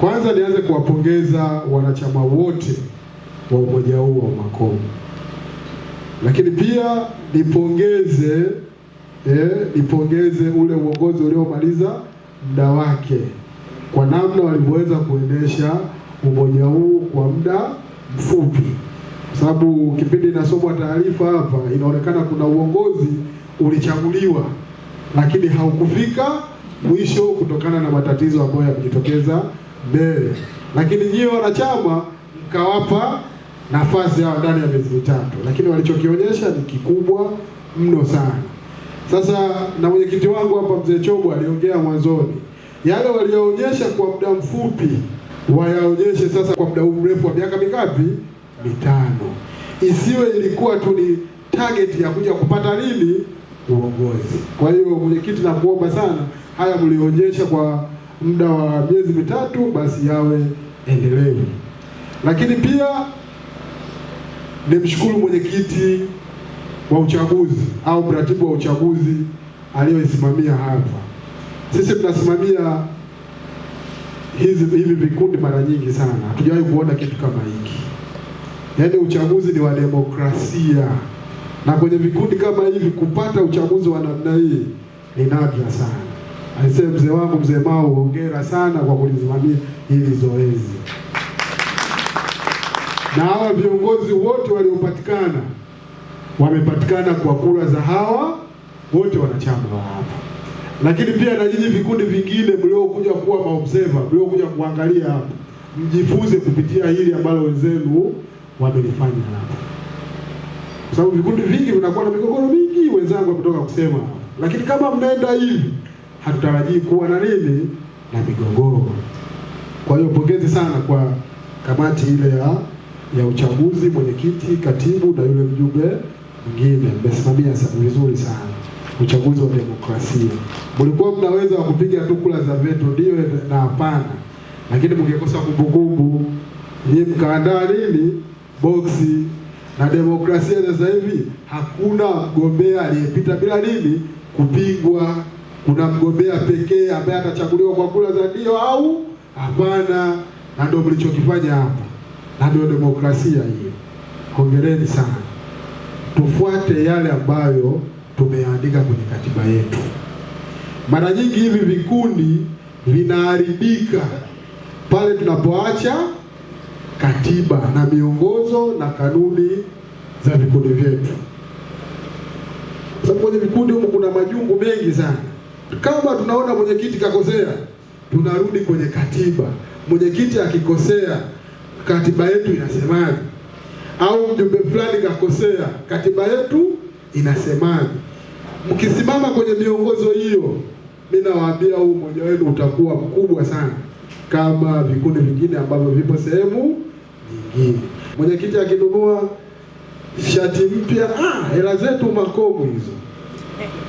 Kwanza nianze kuwapongeza wanachama wote wa umoja huu wa Makomo, lakini pia nipongeze eh, nipongeze ule uongozi uliomaliza muda wake kwa namna walivyoweza kuendesha umoja huu kwa muda mfupi, kwa sababu kipindi inasomwa taarifa hapa inaonekana kuna uongozi ulichaguliwa lakini haukufika mwisho kutokana na matatizo ambayo yamejitokeza mbele, lakini nyie wanachama mkawapa nafasi yao ndani ya miezi mitatu, lakini walichokionyesha ni kikubwa mno sana. Sasa na mwenyekiti wangu hapa mzee Chobo aliongea mwanzoni, yale walioonyesha kwa muda mfupi wayaonyeshe sasa kwa muda mrefu wa miaka mingapi? Mitano. Isiwe ilikuwa tu ni target ya kuja kupata nini? Uongozi. Kwa hiyo mwenyekiti, nakuomba sana, haya mlionyesha kwa muda wa miezi mitatu, basi yawe endelevu. Lakini pia nimshukuru mwenyekiti wa uchaguzi au mratibu wa uchaguzi aliyoisimamia hapa. Sisi tunasimamia hizi hivi vikundi mara nyingi sana, hatujawahi kuona kitu kama hiki. Yaani uchaguzi ni wa demokrasia, na kwenye vikundi kama hivi kupata uchaguzi wa namna hii ni nadra sana. Aisee, mzee wangu mzee Mao, hongera sana kwa kulisimamia hili zoezi. Na hawa viongozi wote waliopatikana wamepatikana kwa kura za hawa wote wanachama wa hapa, lakini pia na nyinyi vikundi vingine mliokuja kuwa maobserva, mliokuja kuangalia hapa, mjifunze kupitia hili ambalo wenzenu wamelifanya hapa, kwa sababu vikundi vingi vinakuwa na migogoro mingi, wenzangu wametoka kusema, lakini kama mnaenda hivi hatutarajii kuwa na nini na migogoro. Kwa hiyo pongezi sana kwa kamati ile ya ya uchaguzi, mwenyekiti, katibu na yule mjumbe mwingine, mmesimamia vizuri sana uchaguzi wa demokrasia. Mlikuwa mnaweza wa kupiga tu za veto, ndio na hapana, lakini mngekosa kumbukumbu. ni mkaandaa nini boksi na demokrasia sasa hivi hakuna mgombea aliyepita bila nini kupigwa kuna mgombea pekee ambaye atachaguliwa kwa kura za ndio au hapana, na ndio mlichokifanya hapa, na ndio demokrasia hiyo. Hongereni sana, tufuate yale ambayo tumeandika kwenye katiba yetu. Mara nyingi hivi vikundi vinaharibika pale tunapoacha katiba na miongozo na kanuni za vikundi vyetu, sababu kwenye vikundi huko kuna majungu mengi sana. Kama tunaona mwenyekiti kakosea, tunarudi kwenye katiba. Mwenyekiti akikosea, katiba yetu inasemaje? Au mjumbe fulani kakosea, katiba yetu inasemaje? Mkisimama kwenye miongozo hiyo, mi nawaambia huu umoja wenu utakuwa mkubwa sana, kama vikundi vingine ambavyo vipo sehemu nyingine. Mwenyekiti akinunua shati mpya, ah, hela zetu makomo hizo.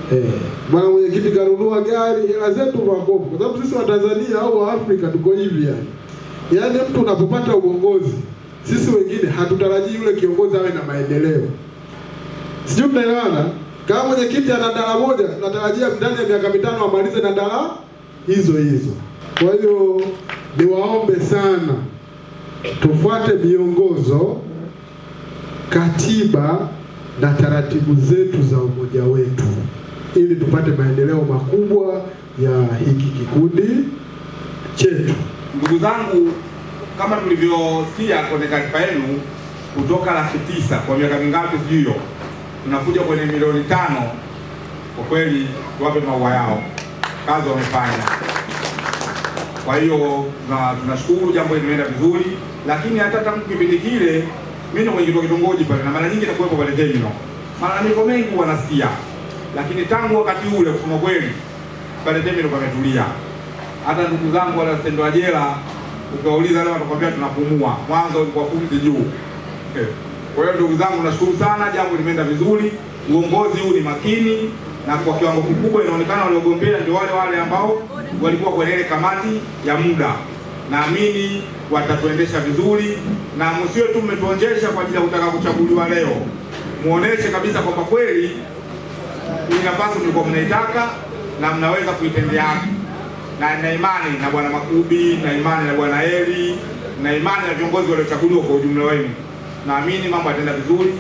Bwana eh, mwenye mwenyekiti kanunua gari, hela zetu makopo, kwa sababu sisi Watanzania au Waafrika tuko hivi yani. Yaani mtu unapopata uongozi, sisi wengine hatutarajii yule kiongozi awe na maendeleo, sijui mnaelewana. Kama mwenyekiti ana dala moja, natarajia ndani ya miaka mitano amalize na dala hizo hizo. Kwa hiyo niwaombe sana tufuate miongozo, katiba na taratibu zetu za umoja wetu ili tupate maendeleo makubwa ya hiki kikundi chetu. Ndugu zangu, kama tulivyosikia kwenye taarifa yenu, kutoka laki tisa kwa miaka mingapi sijui hiyo, tunakuja kwenye milioni tano. Kwa kweli tuwape maua yao, kazi wamefanya. Kwa hiyo tunashukuru, jambo limeenda vizuri, lakini hata tangu kipindi kile mimi ni mwenyekiti wa kitongoji pale, na mara nyingi nakuwepo pale Temino, malalamiko mengi wanasikia lakini tangu wakati ule kusema kweli, pale Temino pametulia. Hata ndugu zangu wale watendwa jela ukauliza leo, watakwambia tunapumua. Mwanzo ulikuwa pumzi juu. Eh, kwa hiyo ndugu zangu, nashukuru sana, jambo limeenda vizuri, uongozi huu ni makini na kwa kiwango kikubwa inaonekana waliogombea ndio wale wale ambao walikuwa kwenye ile kamati ya muda. Naamini watatuendesha vizuri, na msiwe tu mmetuonjesha kwa ajili ya kutaka kuchaguliwa leo, muoneshe kabisa kwamba kweli ili nafasi mlikuwa mnaitaka na mnaweza kuitendea haki, na na imani na bwana Makubi, na imani na bwana Eli, na imani na viongozi waliochaguliwa kwa ujumla wenu, naamini mambo yataenda vizuri.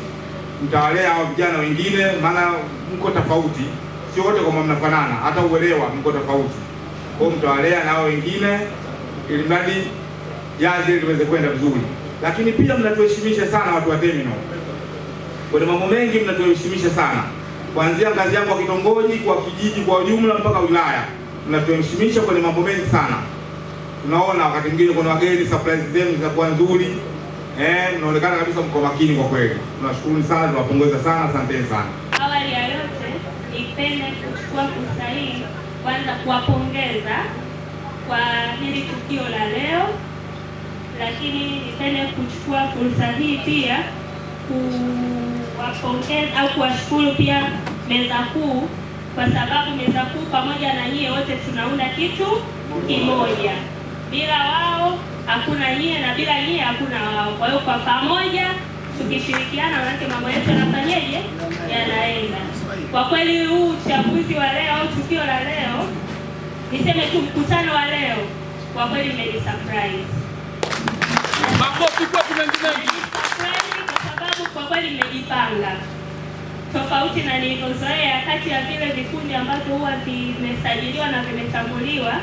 Mtawalea hao vijana wengine, maana mko tofauti, sio wote kama mnafanana, hata uelewa mko tofauti. Kwa hiyo mtawalea na hao wengine, ili mradi jazi liweze kwenda vizuri. Lakini pia mnatuheshimisha sana watu wa terminal, kwa mambo mengi mnatuheshimisha sana kuanzia ngazi yangu kwa kitongoji, kwa kijiji kwa ujumla mpaka wilaya, tunatuheshimisha kwenye mambo mengi sana. Tunaona wakati mwingine kuna wageni, surprise zenu zinakuwa nzuri eh, mnaonekana kabisa mko makini kwa kweli. Tunashukuru sana, tunawapongeza sana, asanteni sana. Awali ya yote, nipende kuchukua fursa hii kwanza kuwapongeza kwa hili tukio la leo, lakini nipende kuchukua fursa hii pia ku wapongeza au kuwashukuru pia meza kuu, kwa sababu meza kuu pamoja na nyie wote tunaunda kitu kimoja. Bila wao hakuna nyie na bila nyie hakuna wao. Kwa hiyo kwa pamoja tukishirikiana, manake mambo yetu yanafanyaje, yanaenda. Kwa kweli huu uchaguzi wa leo au tukio la leo, niseme tu mkutano wa leo kwa kweli mmeni surprise. Makofi kwa mengi mengi kweli mmejipanga tofauti na nilivyozoea kati ya vile vikundi ambavyo huwa vimesajiliwa na vimetambuliwa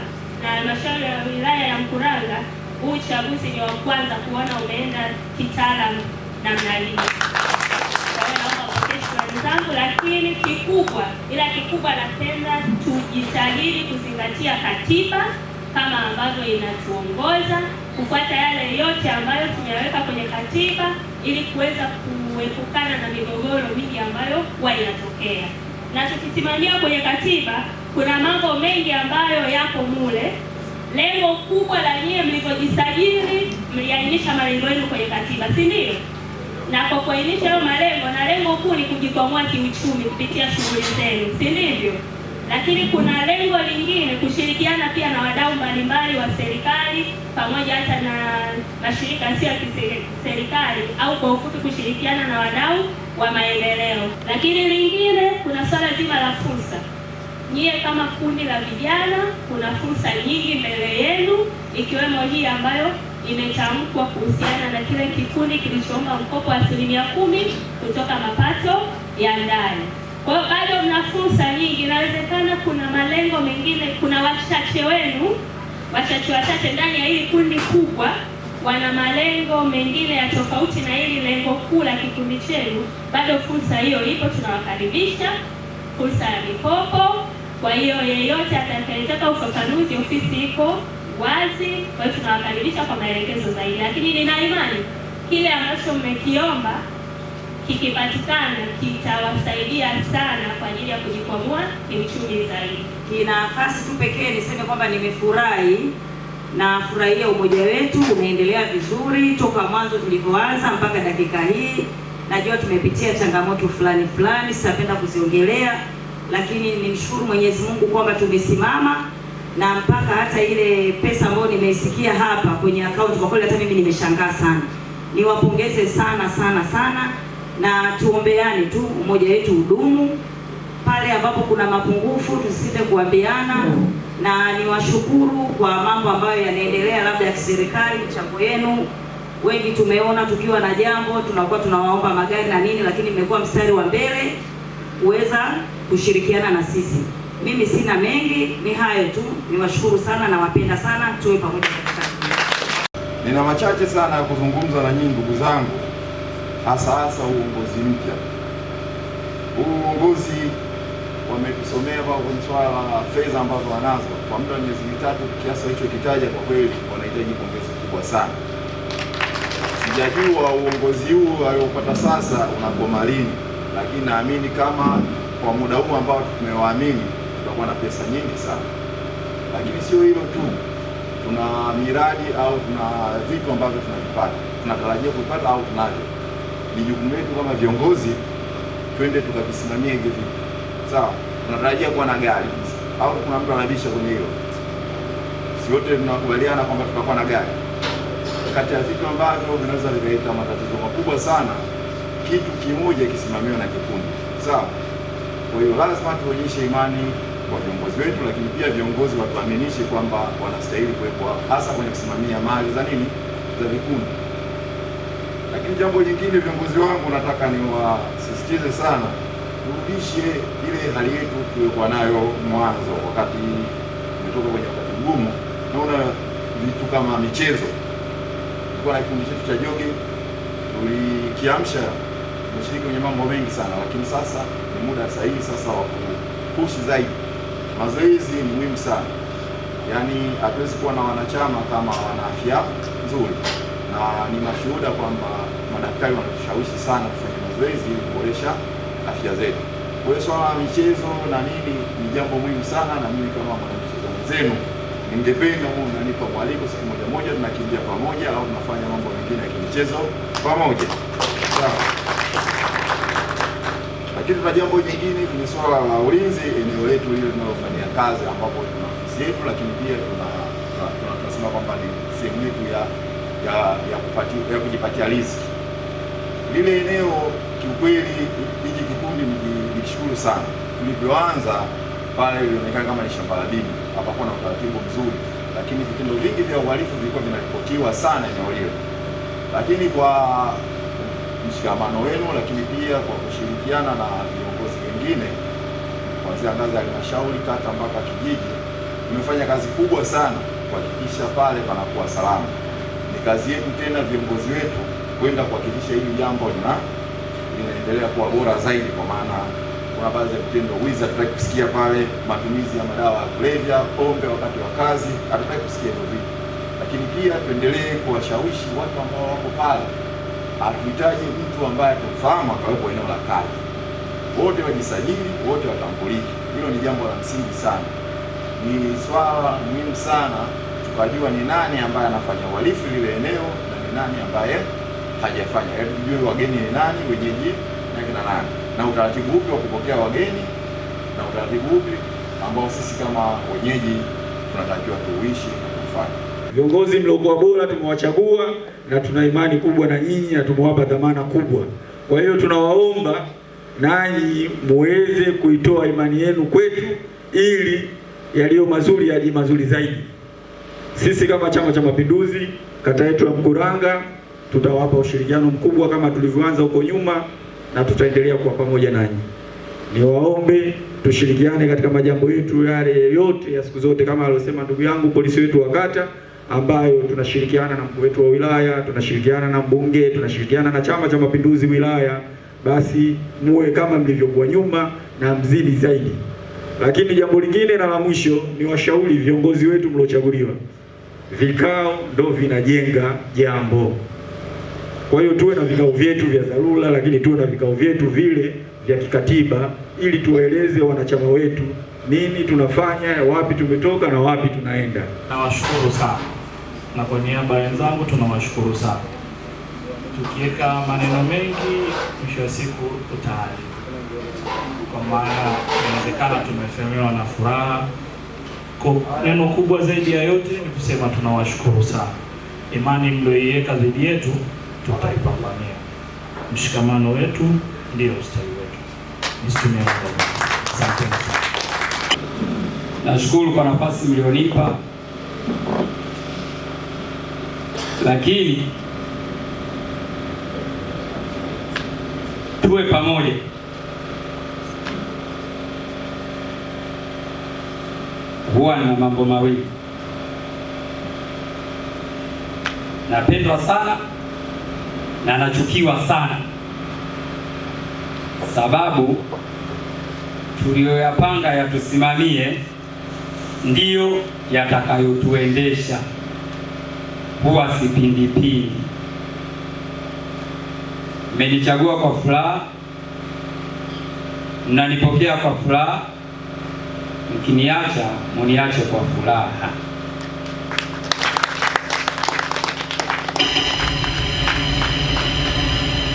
na halmashauri ya wilaya ya Mkuranga. Huu uchaguzi ni wa kwanza kuona umeenda kitaalamu namna hii. Zangu, lakini kikubwa, ila kikubwa napenda tujitahidi kuzingatia katiba kama ambavyo inatuongoza, kufuata yale yote ambayo tumeweka kwenye katiba ili kuweza kuepukana na migogoro mingi ambayo huwa inatokea. Na tukisimamia kwenye katiba, kuna mambo mengi ambayo yako mule. Lengo kubwa la nyie mlivyojisajili, mliainisha malengo yenu kwenye katiba, si ndio? Na kwa kuainisha hayo malengo, na lengo kuu ni kujikwamua kiuchumi kupitia shughuli zenu, si ndivyo? lakini kuna lengo lingine, kushirikiana pia na wadau mbalimbali wa serikali pamoja hata na mashirika sio ya kiserikali, au kwa ufupi kushirikiana na wadau wa maendeleo. Lakini lingine, kuna swala zima la fursa. Nyie kama kundi la vijana, kuna fursa nyingi mbele yenu, ikiwemo hii ambayo imetamkwa kuhusiana na kile kikundi kilichoomba mkopo wa asilimia kumi kutoka mapato ya ndani. Kwa hiyo bado mna fursa nyingi, inawezekana kuna malengo mengine, kuna wachache wenu, wachache wachache ndani ya hili kundi kubwa wana malengo mengine ya tofauti na hili lengo kuu la kikundi chenu. Bado fursa hiyo ipo, tunawakaribisha. Fursa ya mikopo. Kwa hiyo yeyote atakayetaka ufafanuzi, ofisi iko wazi, kwa hiyo tunawakaribisha kwa maelekezo zaidi, lakini nina imani kile ambacho mmekiomba kikipatikana kitawasaidia sana kwa ajili ya kujikwamua kiuchumi zaidi. Ni nafasi tu pekee niseme kwamba nimefurahi na furahia umoja wetu unaendelea vizuri toka mwanzo tulivyoanza mpaka dakika hii. Najua tumepitia changamoto fulani fulani, sitapenda kuziongelea, lakini nimshukuru Mwenyezi Mungu kwamba tumesimama na mpaka hata ile pesa ambayo nimeisikia hapa kwenye akaunti, kwa kweli hata mimi nimeshangaa sana. Niwapongeze sana sana sana na tuombeane tu, umoja wetu udumu. Pale ambapo kuna mapungufu tusisite kuambiana, na niwashukuru kwa mambo ambayo yanaendelea, labda ya kiserikali, mchango yenu wengi tumeona tukiwa na jambo tunakuwa tunawaomba magari na nini, lakini mmekuwa mstari wa mbele kuweza kushirikiana na sisi. Mimi sina mengi, ni hayo tu. Niwashukuru sana, nawapenda sana, tuwe pamoja katika. Nina machache sana ya kuzungumza na nyinyi ndugu zangu hasa hasa uongozi mpya huu. Uongozi wametusomea kwa kwenye swala la fedha ambazo wanazo kwa muda wa miezi mitatu, kiasi kitaja, kwa kweli wanahitaji pongezi kubwa sana. Sijajua uongozi huu aliopata sasa unakoma lini, lakini naamini kama kwa muda huu ambao tumewaamini tutakuwa na pesa nyingi sana. Lakini sio hilo tu, tuna miradi au tuna vitu ambavyo tunavipata tunatarajia kuipata au tunavyo ni jukumu letu kama viongozi, twende tukavisimamia hivi vitu. Sawa, tunatarajia kuwa na gari au kuna mtu anabisha kwenye hilo? Si wote tunakubaliana kwamba tutakuwa na gari? Kati ya vitu ambavyo vinaweza vikaleta matatizo makubwa sana, kitu kimoja kisimamiwa na kikundi. Sawa, kwa hiyo lazima tuonyeshe imani kwa viongozi wetu, lakini pia viongozi watuaminishe kwamba wanastahili kuwepo hasa kwenye kusimamia mali za nini, za vikundi. Lakini jambo jingine, viongozi wangu, nataka niwasisitize sana, turudishe ile hali yetu tuliokuwa nayo mwanzo, wakati tumetoka kwenye wakati mgumu. Naona vitu kama michezo, tulikuwa na kikundi chetu cha joge, tulikiamsha tumeshiriki kwenye mambo mengi sana, lakini sasa ni muda sahihi sasa wa kupushi zaidi. Mazoezi ni muhimu sana, yaani hatuwezi kuwa na wanachama kama wana afya nzuri na ni mashuhuda kwamba madaktari wanatushawishi sana kufanya mazoezi ili kuboresha afya zetu. Kwa hiyo swala la michezo na nini ni jambo muhimu sana, na mimi kama mwanamchezo mwenzenu ningependa huu unanipa mwaliko siku moja moja tunakimbia pamoja au tunafanya mambo mengine ya kimichezo pamoja, sawa. Lakini tuna jambo jingine kwenye swala la ulinzi, eneo letu hilo linalofanyia kazi, ambapo tuna ofisi yetu, lakini pia tunasema kwamba ni sehemu yetu ya ya ya, kupati, ya kujipatia riziki. Lile eneo kiukweli, hiki kikundi nikishukuru sana, tulivyoanza pale ilionekana kama ni shamba la dini, hapakuwa na utaratibu mzuri, lakini vitendo vingi vya uhalifu vilikuwa vinaripotiwa sana eneo hilo, lakini kwa mshikamano wenu, lakini pia kwa kushirikiana na viongozi wengine kuanzia ngazi ya halmashauri, kata mpaka kijiji, tumefanya kazi kubwa sana kuhakikisha pale panakuwa salama kazi yetu tena viongozi wetu kwenda kuhakikisha hili jambo lina linaendelea kuwa bora zaidi, kwa maana kuna baadhi ya vitendo wizi hatutaki kusikia pale, matumizi ya madawa ya kulevya, pombe wakati wa kazi, hatutaki kusikia hivyo vitu. Lakini pia tuendelee kuwashawishi watu ambao wako pale, hatuhitaji mtu ambaye atumfahamu akawepo eneo la kazi, wote wajisajili, wote watambulike. Hilo ni jambo la msingi sana, ni swala muhimu sana tukajua ni nani ambaye anafanya uhalifu lile eneo na ni nani ambaye hajafanya, Hebu tujue wageni ni nani, wenyeji na kina nani, na utaratibu upi wa kupokea wageni na utaratibu upi ambao sisi kama wenyeji tunatakiwa tuishi na kufanya. Viongozi mliokuwa bora tumewachagua na tuna imani kubwa na nyinyi na tumewapa dhamana kubwa. Kwa hiyo tunawaomba nanyi muweze kuitoa imani yenu kwetu ili yaliyo mazuri yaje mazuri zaidi. Sisi kama Chama cha Mapinduzi kata yetu ya Mkuranga tutawapa ushirikiano mkubwa kama tulivyoanza huko nyuma na tutaendelea kuwa pamoja nanyi. Niwaombe tushirikiane katika majambo yetu yale yote ya siku zote kama alivyosema ndugu yangu polisi wetu wa kata ambayo tunashirikiana na mkuu wetu wa wilaya, tunashirikiana na mbunge, tunashirikiana na Chama cha Mapinduzi wilaya, basi muwe kama mlivyokuwa nyuma na mzidi zaidi. Lakini jambo lingine na la mwisho, ni washauri viongozi wetu mliochaguliwa vikao ndo vinajenga jambo. Kwa hiyo tuwe na vikao vyetu vya dharura, lakini tuwe na vikao vyetu vile vya kikatiba, ili tuwaeleze wanachama wetu nini tunafanya, wapi tumetoka na wapi tunaenda. Nawashukuru sana, na kwa niaba ya wenzangu tunawashukuru sana. Tukiweka maneno mengi, mwisho wa siku tutaali, kwa maana inawezekana tumefemewa na furaha Neno kubwa zaidi ya yote ni kusema tunawashukuru sana. Imani mlioiweka dhidi yetu tutaipambania. Mshikamano wetu ndio ustawi wetu. Msitumie Asante. Nashukuru kwa nafasi mlionipa, lakini tuwe pamoja. Bwana mambo mawili. Napendwa sana na nachukiwa sana, sababu tuliyoyapanga yatusimamie ndiyo yatakayotuendesha. Huwa sipindipindi. Mmenichagua kwa furaha, mnanipokea kwa furaha mkiniacha muniache kwa furaha.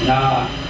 Na